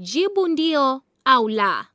Jibu ndio au la.